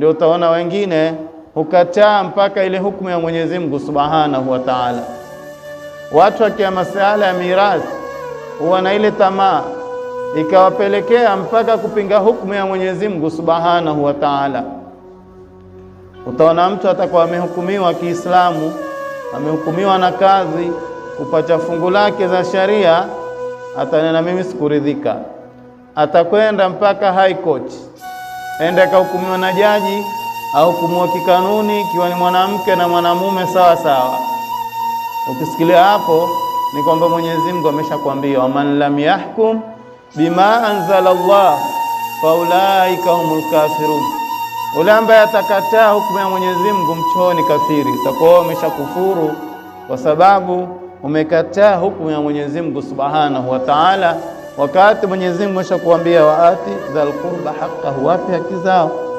ndio utaona wengine hukataa mpaka ile hukumu ya Mwenyezi Mungu Subhanahu wa Ta'ala. Watu wakia masuala ya mirathi huwa na ile tamaa ikawapelekea mpaka kupinga hukumu ya Mwenyezi Mungu Subhanahu wa Ta'ala. Utaona mtu atakuwa amehukumiwa Kiislamu, amehukumiwa na kazi, kupata fungu lake za sharia, atanena mimi sikuridhika, atakwenda mpaka high court aende akahukumiwa na jaji au kumua kikanuni, ikiwa ni mwanamke na mwanamume sawa sawa. Ukisikilia hapo ni kwamba Mwenyezi Mungu ameshakwambia, waman lam yahkum bima anzala Allah faulaika humul kafirun, ule ambaye atakataa hukumu ya Mwenyezi Mungu mchoni kafiri. Utakuwa umeshakufuru kwa sababu umekataa hukumu ya Mwenyezi Mungu subhanahu wa taala wakati Mwenyezi Mungu ameshakuambia waati dhal haqqahu, wape haki zao.